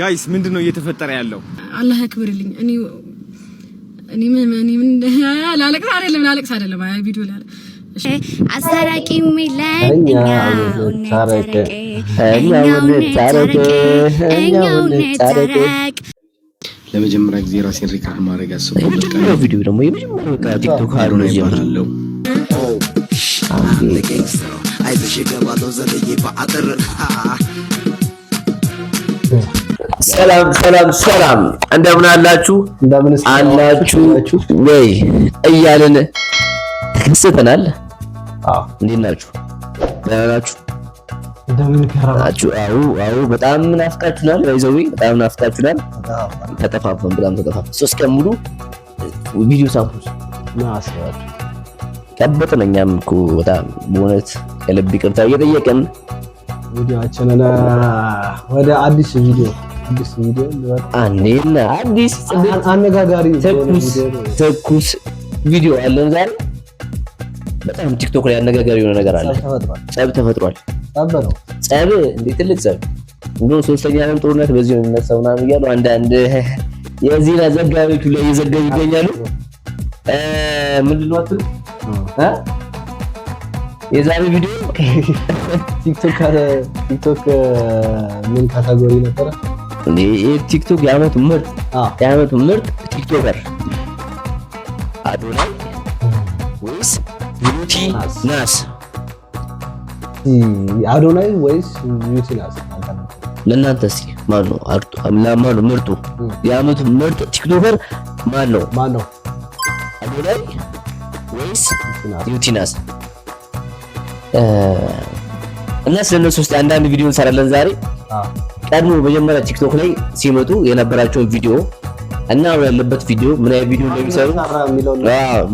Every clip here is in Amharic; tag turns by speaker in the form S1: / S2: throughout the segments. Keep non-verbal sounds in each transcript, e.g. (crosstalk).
S1: ጋይስ ምንድን ነው እየተፈጠረ ያለው?
S2: አላህ ያክብርልኝ። እኔ እኔ ምን እኔ ምን ላለቅስ አይደለም ላለቅስ አይደለም። አይ ቪዲዮ ላይ
S3: አሰራቂ
S4: ለመጀመሪያ ጊዜ ራሴን ሪካርድ ማድረግ
S5: አስበው ቪዲዮ ደግሞ የመጀመሪያው ቲክቶክ
S6: ሰላም ሰላም ሰላም፣ እንደምን አላችሁ እንደምን አላችሁ ወይ እያልን ተከስተናል። እንዴት ናችሁ? ደህና ናችሁ? አዎ አዎ፣ በጣም ናፍቃችሁናል። ይዘዊ በጣም ናፍቃችሁናል። ተጠፋፈን፣ በጣም ተጠፋፋን። ሶስት ቀን ሙሉ ቪዲዮ ሳምፖስ ቀበጥን። እኛም እኮ በጣም በእውነት ከልብ ይቅርታ እየጠየቅን
S7: ቪዲዮአችንን ወደ አዲስ ቪዲዮ አዲስ ቪዲዮ
S6: አንዴና አዲስ አነጋጋሪ ትኩስ ትኩስ ቪዲዮ አለን ዛሬ። በጣም ቲክቶክ ላይ አነጋጋሪ የሆነ ነገር አለ። ጸብ ተፈጥሯል። ጸብ እንደ ትልቅ ጸብ እንዲሁም ሶስተኛ ዓለም ጦርነት በዚህ ነው የሚነሳው ምናምን እያሉ አንዳንድ የዜና ዘጋቢዎቹ ላይ እየዘገቡ ይገኛሉ። ምንድን ነው የዛሬ ቪዲዮ
S7: (laughs) ቲክቶክ ምን ካታጎሪ ነበረ?
S6: ቲክቶክ የዓመቱ
S7: ምርጥ
S6: ምርጥ ቲክቶከር አዶናይ ወይስ ቢዩቲ ናስ?
S7: አዶናይ ወይስ ቢዩቲ ናስ?
S6: ለእናንተ እስኪ ማነው ማነው ምርጡ ምርጥ ቲክቶከር አዶናይ ወይስ ናስ? እና ስለነሱ ውስጥ አንዳንድ ቪዲዮ እንሰራለን ዛሬ። ቀድሞ መጀመሪያ ቲክቶክ ላይ ሲመጡ የነበራቸውን ቪዲዮ እና አሁን ያለበት ቪዲዮ ምን አይነት ቪዲዮ እንደሚሰሩ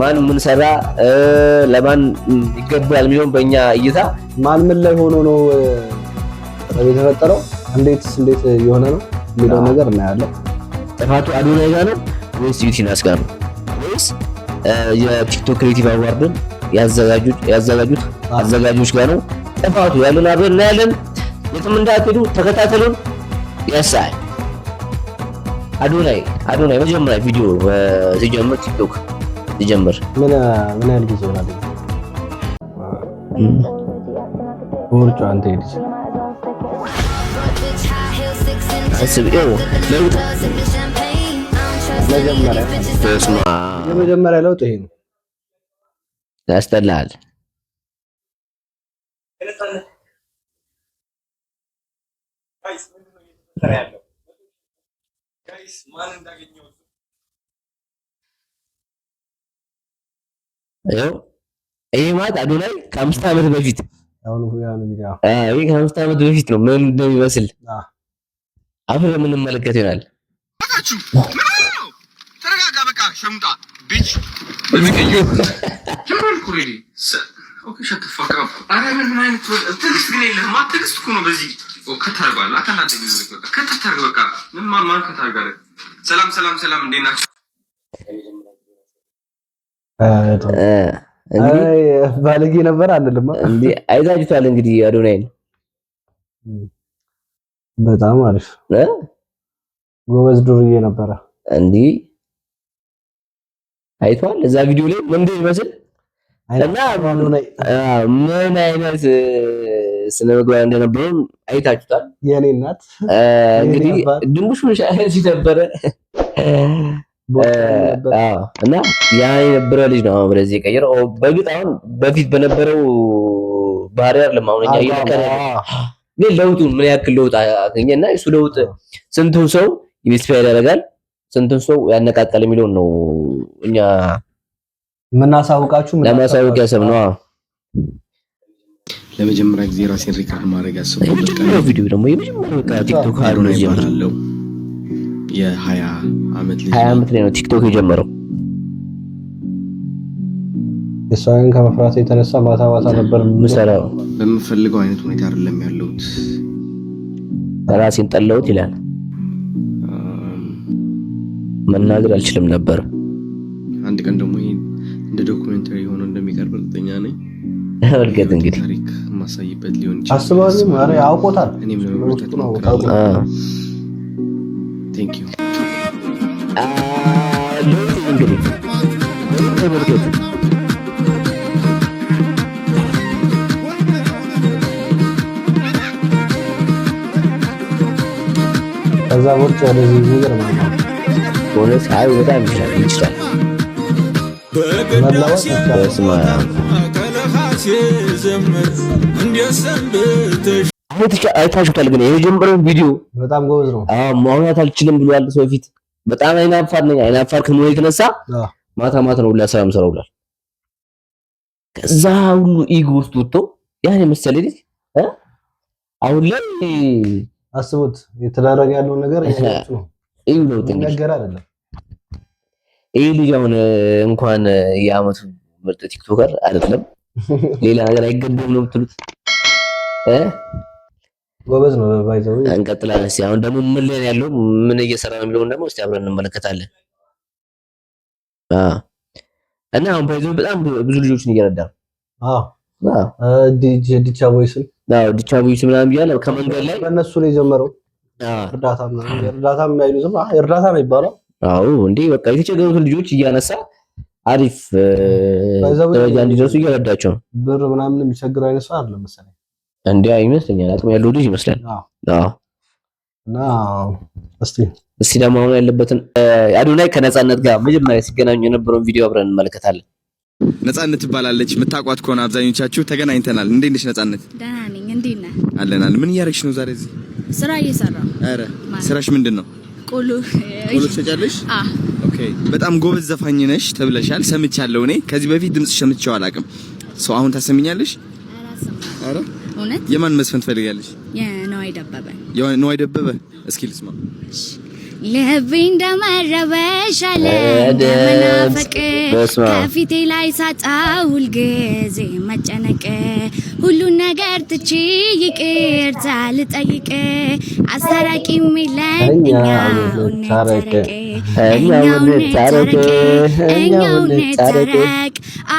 S6: ማን ምን ሰራ፣ ለማን ይገባል የሚለውን በእኛ እይታ
S7: ማን ምን ላይ ሆኖ ነው የተፈጠረው፣ እንዴት እንዴት የሆነ ነው የሚለው ነገር እናያለን።
S6: ጥፋቱ አዶናይ ነው ወይስ ዩቲናስ ጋ ነው ወይስ የቲክቶክ ክሬቲቭ አዋርድን ያዘጋጁት አዘጋጆች ጋር ነው ጥፋቱ። ያሉን አብረን እናያለን። የትም እንዳትሄዱ ተከታተሉን። ያሳል አዶናይ አዶናይ መጀመሪያ ቪዲዮ ሲጀምር ቲክቶክ ሲጀምር
S7: ምን ምን ያህል ጊዜ ሆናል? ወርጫ አንተ ሄድሽ
S6: አስቢው ለውጥ
S7: መጀመሪያ ለውጥ ይሄ ነው።
S6: ያስጠላል። ይሄ ማለት ላይ ከአምስት ዓመት በፊት ይሄ ከአምስት ዓመት በፊት ነው። ምን እንደሚመስል አሁን የምንመለከት ይሆናል።
S1: Shemda, bitch. Let me get you. ጀመርኩ ሬዲ ሰላም ሰላም ሰላም፣
S7: እንዴት ባለጌ ነበር አንልማ።
S6: እንዲህ እንግዲህ አዶናይን
S7: በጣም አሪፍ ጎበዝ ዱርዬ ነበረ
S6: እንዲህ አይቷል። እዛ ቪዲዮ ላይ ምን እንደሚመስል እና ምን አይነት ስነ ምግባር እንደነበረው አይታችሁታል። የኔ እናት እንግዲህ ድንጉሽ ሻይ ሲነበረ እና ያ የነበረ ልጅ ነው አሁን ወደዚህ የቀየረው። በግጥ አሁን በፊት በነበረው ባህሪ አይደለም አሁን እኛ እየተከረ ግን ለውጡ ምን ያክል ለውጥ አገኘና እሱ ለውጥ ስንቱ ሰው ኢንስፓየር ያደርጋል ስንትን ሰው ያነቃቀል የሚለውን ነው እኛ
S7: የምናሳውቃችሁ
S6: ለማሳወቅ ያሰብነው።
S4: ለመጀመሪያ ጊዜ ራሴን ሪከርድ ማድረግ
S5: ያሰብኩበት ቪዲዮ ደግሞ ቲክቶክ አለው።
S1: የሀያ ዓመት ልጅ
S6: ሀያ ዓመት ላይ ነው ቲክቶክ የጀመረው።
S7: እሷን ከመፍራት የተነሳ ማታ ማታ ነበር
S6: የምሰራው።
S1: በምፈልገው አይነት ሁኔታ አይደለም ያለሁት
S6: ራሴን ጠላሁት ይላል መናገር አልችልም ነበር።
S1: አንድ ቀን ደግሞ እንደ ዶክመንተሪ ሆኖ እንደሚቀርብ እርግጠኛ ነኝ። እርግጥ እንግዲህ ታሪክ የማሳይበት ሊሆን ይችላል።
S7: አስባለሁ። ኧረ አውቆታል። እኔም ነው
S1: ቴንክ ዩ
S6: እንግዲህ በእርግጥ
S7: ከዛ ወርጭ ወደዚህ ይገርማል።
S6: በእውነት አይ በጣም ይችላል ይችላል አይታችሁታል። ግን የመጀመሪያውን ቪዲዮ
S7: በጣም ጎበዝ ነው።
S6: ማውራት አልችልም ብሏል ሰው ፊት። በጣም አይናፋር ነኝ። አይናፋር ከመሆኑ የተነሳ ማታ ማታ ነው ሁላ ስራ የምሰራው ብሏል። ከዛ ሁሉ ኢግ ውስጥ ወጥቶ ያን የመሰለ ልጅ አሁን ላይ
S7: አስቡት የተደረገ ያለውን ነገር (laughs) ነው ይህ ነው ትንሽ ነገር አይደለም።
S6: ይህ ልጅ አሁን እንኳን የአመቱ ምርጥ ቲክቶከር አይደለም ሌላ ነገር አይገባውም ነው የምትሉት?
S7: ጎበዝ ነው። ባይዘው
S6: እንቀጥላለን። እስኪ አሁን ደግሞ ምን ላይ ያለው ምን እየሰራ ነው የሚለውን ደግሞ እስኪ አብረን እንመለከታለን። እና አሁን ባይዘው በጣም ብዙ ልጆችን እየረዳ
S7: ነው። ዲቻ ቦይስን
S6: ዲቻ ቦይስ ምናምን እያለ ከመንገድ ላይ
S7: በእነሱ ነው የጀመረው እርዳታ እርዳታ የሚያይዙትም እርዳታ ነው ይባላል።
S6: አዎ እንዴ በቃ የተቸገሩትን ልጆች እያነሳ አሪፍ ደረጃ እንዲደርሱ እየረዳቸው ነው።
S7: ብር ምናምን የሚቸግር አይነት ሰው አይደለም መሰለኝ።
S6: እንዴ ይመስለኛል፣ አቅም ያለው ልጅ ይመስላል። እስቲ እስቲ ደግሞ አሁን ያለበትን አዶናይ ከነፃነት ጋር መጀመሪያ ሲገናኙ የነበረውን ቪዲዮ አብረን እንመለከታለን። ነፃነት ትባላለች።
S1: የምታውቋት ከሆነ አብዛኞቻችሁ ተገናኝተናል። እንዴት ነሽ ነፃነት? ደህና ነኝ። እንዴት ነህ? አለናል። ምን
S8: እያደረግሽ ነው ዛሬ እዚህ
S1: ስራ እየሰራ ኧረ ስራሽ
S8: ምንድን ነው? ቆሎ
S1: ቆሎ ትሸጫለሽ? አዎ። ኦኬ በጣም ጎበዝ ዘፋኝ ነሽ ተብለሻል፣ ሰምቻለሁ። እኔ ከዚህ በፊት ድምጽ ሰምቼው አላውቅም። ሰው አሁን ታሰሚኛለሽ? አረ እውነት? የማን መስፈን ትፈልጋለሽ? የነዋይ ደበበ። የነዋይ ደበበ እስኪ ልስማ።
S8: ልቤ እንደመረበሽ
S1: እንደመናፈቅ
S6: ከፊቴ ላይ ሳጣ ሁልጊዜ መጨነቅ ሁሉን ነገር ትቼ ይቅርታ ልጠይቅ አስታራቂ የሚለን እኛውን ታረቅ እኛውን ታረቅ እኛውን ታረቅ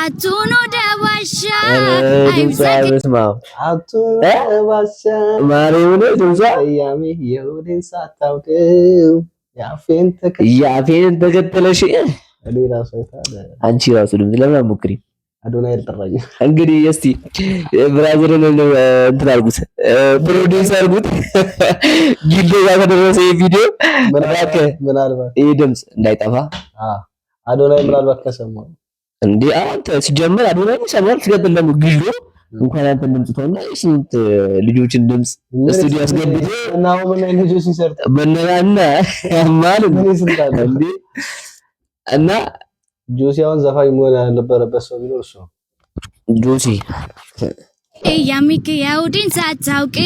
S6: አቱኑ ደ የአፌን ተከተለሽ አንቺ ራሱ ድምፅ ለምን አትሞክሪም? አዶናይ እንግዲህ እስቲ ብራዘርን እንትን አድርጉት፣ ፕሮዲውስ አድርጉት። ጋር ከደረሰ የቪዲዮ ምናልባት ይህ ድምፅ እንዳይጠፋ አዶናይ ምናልባት ከሰማው እንዴ አሁን ሲጀመር አዶናይ ይሰማል። ሲቀጥል ደግሞ ግዢ እንኳን አንተን ድምጽ ተውና ስንት ልጆችን ድምጽ ስቱዲዮ አስገብቶ እናው ምን አይነት ልጆች ይሰርጥ ምን ይስልታል እንዴ እና
S7: ጆሲ አሁን ዘፋኝ መሆን ያልነበረበት ሰው ቢኖር እሱ
S6: ጆሲ
S8: የሚክየውድን ሳታውቂ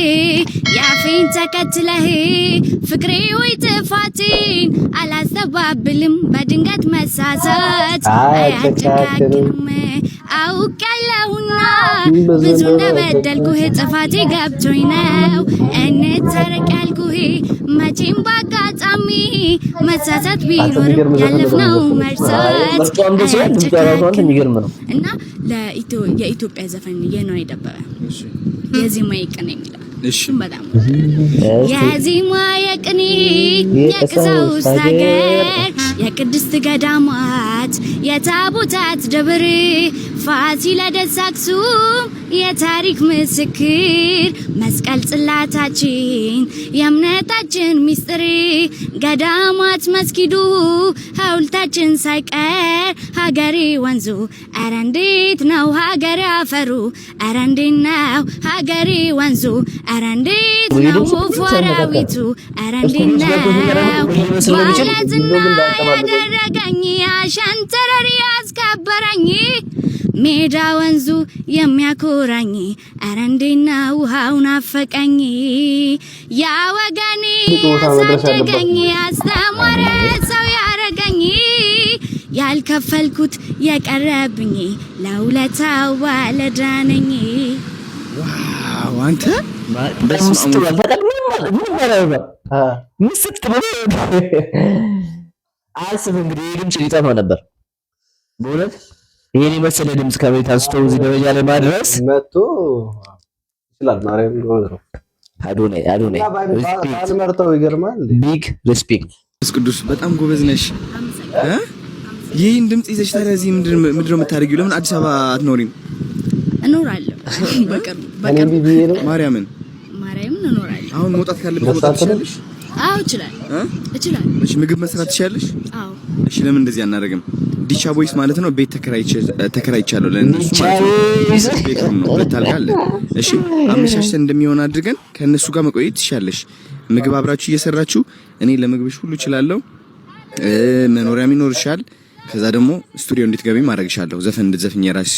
S8: ያፌን ተከትለህ ፍቅሬ ወይ ጥፋቴን አላስተባብልም። በድንገት መሳሳት አያደጋግም አውቃለሁና ብዙ ነበደልኩህ ጥፋቴ ገብቶኝ ነው መቼም በአጋጣሚ መሳሳት ቢኖርም ያለፍነው መርሳት እና የኢትዮጵያ ዘፈን የነዋይ የደበበ የዚህ ማይቅ ነው የሚለው በጣም የዜማ የቅኔ የቀሳውስት ሀገር የቅድስት ገዳማት የታቦታት ደብር ፋሲለደስ አክሱም የታሪክ ምስክር መስቀል ጽላታችን የእምነታችን ሚስጥር ገዳማት መስጊዱ ሐውልታችን ሳይቀር ሀገሬ ወንዙ ኧረ እንዴት ነው ሀገሬ አፈሩ ኧረ እንዴት ነው ሀገሬ ወንዙ ኧረ እንዴት ነው ወፈራዊቱ ኧረ እንዴት ነው ባለዝና ያደረገኝ አሸንተረር ያስከበረኝ ሜዳ ወንዙ የሚያኮራኝ ኧረ እንዴት ነው ውሃው አፈቀኝ ያ ወገኔ ያሳደገኝ ያስተማረ ሰው ያረገኝ ያልከፈልኩት የቀረብኝ ለውለታው ባለዳነኝ አንተ
S1: ምስጥ አስብ እንግዲህ ድምፅ ሊጠፋ ነበር። በእውነት ይህን የመሰለ ድምፅ ከቤት አንስቶ እዚህ ደረጃ ላይ ማድረስ መቶ ይችላል። ቢግ ሪስፔክት ቅዱስ በጣም ጎበዝ ነሽ። ይህን ድምፅ ይዘሽ ታዲያ እዚህ ምንድን ነው የምታደርጊው? ለምን አዲስ አበባ አትኖሪም? እኖራለሁ። (laughs) በቅርቡ ማርያምን ማርያምን እኖራለሁ። አሁን መውጣት ካለብሽ መውጣት ትችላለሽ? አዎ እችላለሁ እችላለሁ። እሺ ምግብ መስራት ትችላለሽ? አዎ። እሺ ለምን እንደዚህ አናደርግም? ዲቻ ቦይስ ማለት ነው ቤት ተከራይቻለሁ ለእነሱ ነው ሁለት እሺ አመቻችተን እንደሚሆን አድርገን ከእነሱ ጋር መቆየት ትችላለሽ። ምግብ አብራችሁ እየሰራችሁ እኔ ለምግብሽ ሁሉ እችላለሁ። መኖሪያም ይኖርሻል ከዛ ደግሞ ስቱዲዮ እንድትገቢ ማድረግሻለሁ፣ ዘፈን እንድትዘፍኝ የራስሽ።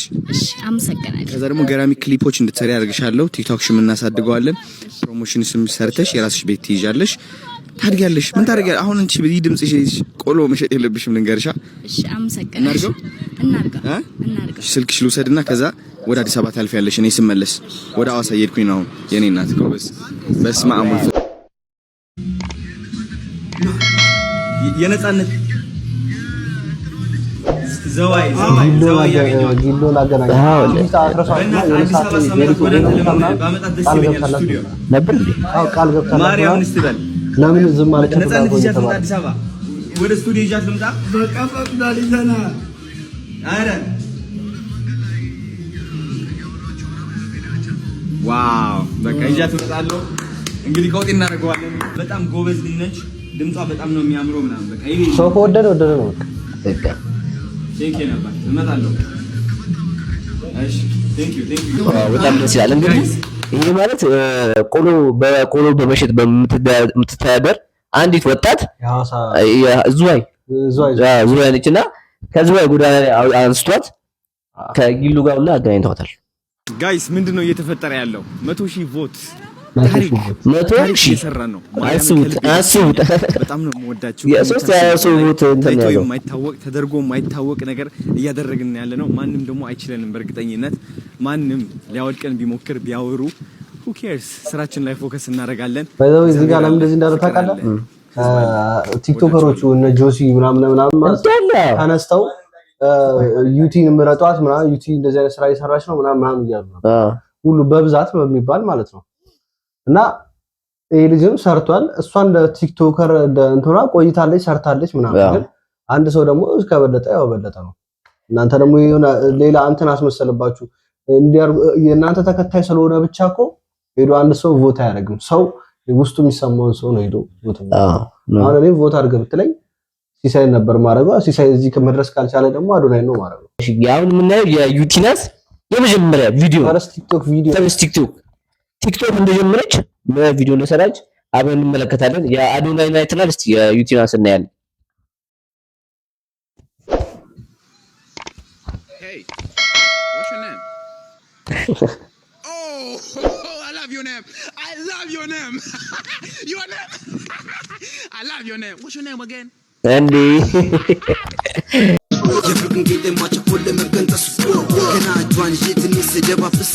S1: አመሰግናለሁ። ከዛ ደግሞ ገራሚ ክሊፖች እንድትሰሪ አደርግሻለሁ። ቲክቶክሽም እናሳድገዋለን። ፕሮሞሽንስም ሰርተሽ የራስሽ ቤት ትይዣለሽ፣ ታድጊያለሽ። ምን ታደርጊያለሽ? አሁን አንቺ በዚህ ድምጽሽ ቆሎ መሸጥ የለብሽም። ልንገርሻ። እሺ፣ አመሰግናለሁ። እናድርገው፣ እናድርገው። ስልክሽ ልውሰድና ከዛ ወደ አዲስ አበባ ታልፊያለሽ። እኔ ስመለስ ወደ አዋሳ እየሄድኩኝ ነው። የኔ እናት ጎበዝ። በስመ አብ የነጻነት ለምን ዝም ማለት ወደ ስቱዲዮ ይዣት ልምጣ። በቃ ፈቅዷል። ይዘና አረ ዋው! በቃ ይዣት እመጣለሁ። እንግዲህ ከውጤ እናደርገዋለን። በጣም ጎበዝ ልጅ ነች። ድምጿ በጣም ነው የሚያምረው ምናምን። በቃ ሰው ከወደደ ወደደ ነው በቃ ቴንክ ነበር። እመጣለሁ። እሺ በጣም ደስ ይላል። እንግዲህ ይሄ ማለት ቆሎ በቆሎ በመሸጥ በምትተዳደር አንዲት ወጣት ዝዋይ ዝዋይ ነች እና ከዝዋይ ጎዳና አንስቷት ከጊሉ ጋር ሁላ አገናኝተዋታል። ጋይስ ምንድን ነው እየተፈጠረ ያለው? መቶ ሺህ ቮት መቶ ሺህ የማይታወቅ ተደርጎ የማይታወቅ ነገር እያደረግን ያለ ነው። ማንም ደግሞ አይችለንም። በእርግጠኝነት ማንም ሊያወድቀን ቢሞክር ቢያወሩ ሁ ስራችን ላይ ፎከስ እናደርጋለን። ባይዘው እዚህ ጋር ለምን እንደዚህ እንዳለ ታውቃለህ? ቲክቶከሮቹ እነ ጆሲ ምናምን ምናምን ተነስተው ዩቲን ምረጧት ምናምን ዩቲ እንደዚህ አይነት ስራ እየሰራች ነው ምናምን ምናምን እያሉ ነው ሁሉ በብዛት በሚባል ማለት ነው እና ይህ ልጅም ሰርቷል። እሷ እንደ ቲክቶከር እንትና ቆይታለች፣ ሰርታለች ምናምን። ግን አንድ ሰው ደግሞ እስከበለጠ ያው በለጠ ነው። እናንተ ደግሞ ሌላ እንትን አስመሰልባችሁ። የእናንተ ተከታይ ስለሆነ ብቻ እኮ ሄዶ አንድ ሰው ቮት አያደርግም። ሰው ውስጡ የሚሰማውን ሰው ነው ሄዶ ቮት። አሁን እኔ ቮት አድርገህ ብትለኝ ሲሳይ ነበር ማድረጓ። ሲሳይ እዚህ ከመድረስ ካልቻለ ደግሞ አዶናይ ነው ማድረጉ። አሁን የምናየው የዩቲናስ የመጀመሪያ ቪዲዮ ቲክቶክ ቪዲዮ ቲክቶክ ቲክቶክ እንደጀመረች በቪዲዮ እንደሰራች አብረን እንመለከታለን። የአዶናይ ናይትናል እስቲ የዩቲናስ እናያለን። እንዴ የፍቅን ጌጤ ማቸኮል ለመገንጠሱ ገና እጇን ይዤ ትንሽ ስደባብስ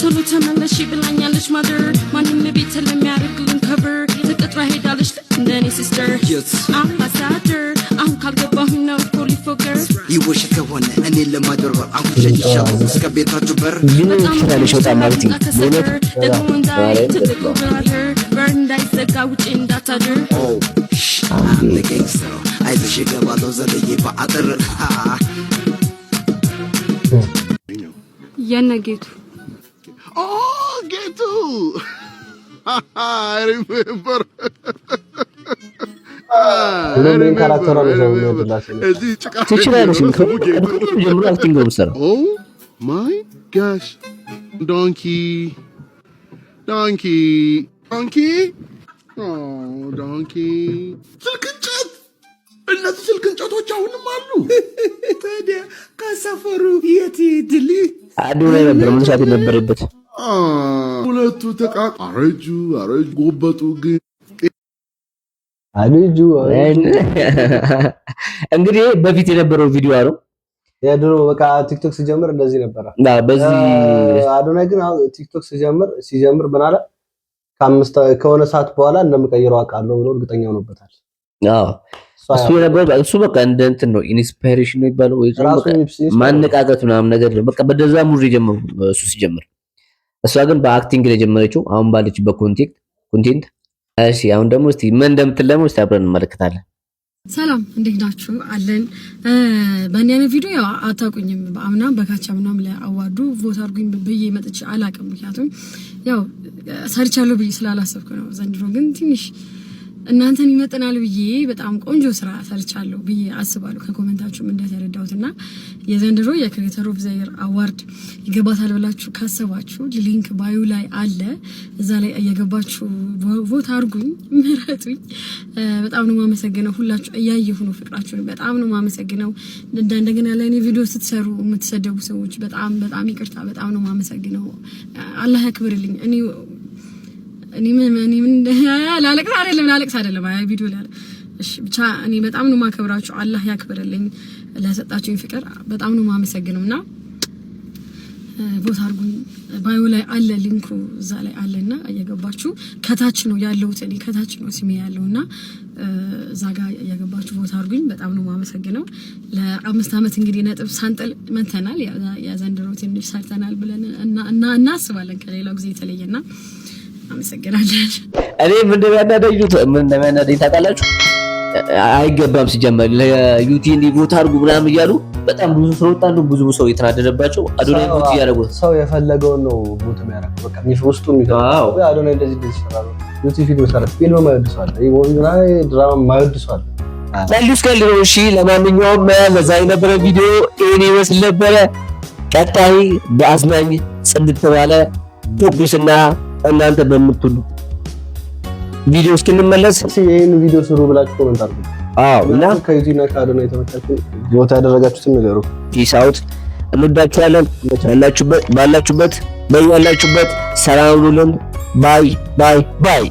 S1: ቶሎ ተመለሽ ብላኛለች ማደር ማንም ቤት ለሚያደርግልን ከብር ተቀጥራ ሄዳለች እንደኔ ሲስተር አምባሳደር አሁን ካልገባሁኝ ነው ይህ ከሆነ እኔ ለማጭበርበር አንኩሸሻው እስከ ቤታችሁ በር ግን ወጣ ማለት በር ውጭ አይዞሽ በአጥር የነ ጌቱ ጌቱ ሪሜምበር ማይ ስልክ እነዚህ ስልክ እንጨቶች አሁንም አሉ። ታዲያ ከሰፈሩ የት ድል አዱ ላይ ነበር መንሳት የነበረበት። ሁለቱ ተቃ አረጁ አረጁ ጎበጡ ግን አልጁ (laughs) እንግዲህ በፊት የነበረው ቪዲዮ ነው። የድሮ በቃ ቲክቶክ ሲጀምር እንደዚህ ነበረ። በዚህ አዶናይ ግን ቲክቶክ ሲጀምር ሲጀምር ምን አለ ከሆነ ሰዓት በኋላ እንደምቀይረው አውቃለሁ ብሎ እርግጠኛ ሆኖበታል። እሱ የነበረው እሱ በቃ እንደ እንትን ነው ኢንስፓይሬሽን ነው ይባለው ወይ ማነቃቀት ምናምን ነገር በቃ በደዛ ሙድ የጀመሩ እሱ ሲጀምር፣ እሷ ግን በአክቲንግ ነው የጀመረችው። አሁን ባለችበት ኮንቴንት እሺ አሁን ደግሞ እስቲ ምን እንደምትል እንደምትለመው እስቲ አብረን እንመለከታለን። ሰላም እንዴት ናችሁ? አለን በእኔ ቪዲዮ ያው አታውቁኝም። በአምና በካቻ ምናም ለአዋዱ ቮት አድርጉኝ ብዬ መጥቼ አላውቅም። ምክንያቱም ያው ሰርቻለሁ ብዬ ስላላሰብኩ ነው። ዘንድሮ ግን ትንሽ እናንተን ይመጥናል ብዬ በጣም ቆንጆ ስራ ሰርቻለሁ ብዬ አስባለሁ። ከኮመንታችሁም እንደተረዳሁት እና የዘንድሮ የክሬተር ኦፍ ዘይር አዋርድ ይገባታል ብላችሁ ካሰባችሁ ሊንክ ባዩ ላይ አለ። እዛ ላይ እየገባችሁ ቮት አርጉኝ፣ ምረጡኝ። በጣም ነው ማመሰግነው። ሁላችሁ እያየሁ ነው ፍቅራችሁን። በጣም ነው ማመሰግነው። እንደገና ለእኔ ቪዲዮ ስትሰሩ የምትሰደቡ ሰዎች በጣም በጣም ይቅርታ፣ በጣም ነው ማመሰግነው። አላህ ያክብርልኝ እኔ እኔ ላለቅስ አይደለም ላለቅስ አይደለም። ቪዲዮ ላይ ብቻ እኔ በጣም ነው ማከብራችሁ። አላህ ያክብርልኝ ለሰጣችሁኝ ፍቅር በጣም ነው ማመሰግነው እና ቦታ አርጉኝ ባዮ ላይ አለ ሊንኩ እዛ ላይ አለና እየገባችሁ ከታች ነው ያለሁት እኔ ከታች ነው ስሜ ያለውና እዛ ጋር እየገባችሁ ቦታ አርጉኝ በጣም ነው ማመሰግነው። ለአምስት ዓመት እንግዲህ ነጥብ ሳንጥል መተናል። የዘንድሮ ትንሽ ሰርተናል ብለን እና እናስባለን ከሌላው ጊዜ የተለየና አመሰግናለን። እኔ ምን እንደሚያናደኝ ምን እንደሚያናደኝ ታውቃላችሁ? አይገባም ሲጀመር ለዩቲ ቦታ አድርጉ ምናምን እያሉ በጣም ብዙ ሰው ወጣሉ። ብዙ ሰው እየተናደደባቸው አዶናይ ቦት እያደረጉት ሰው የፈለገውን ነው ቦት የሚያደርጉ በቃ እንደዚህ ፊልም ሰራ ፊልም ድራማ እሺ ለማንኛውም ለዛ የነበረ ቪዲዮ ይህን ይመስል ነበረ። ቀጣይ በአዝናኝ ጽድት ባለ ዶግስና እናንተ በምትሉ ቪዲዮ እስክንመለስ ይሄን ቪዲዮ ስሩ ብላችሁ ኮሜንት አድርጉ። አዎ እና ከዩቲዩብ እና ከአዶናይ የተመቻችሁ ቦታ ያደረጋችሁትን ነገሩ ፒስ አውት። እንወዳችኋለን። ባላችሁበት ባላችሁበት በያላችሁበት ሰላም ሁሉን ባይ ባይ ባይ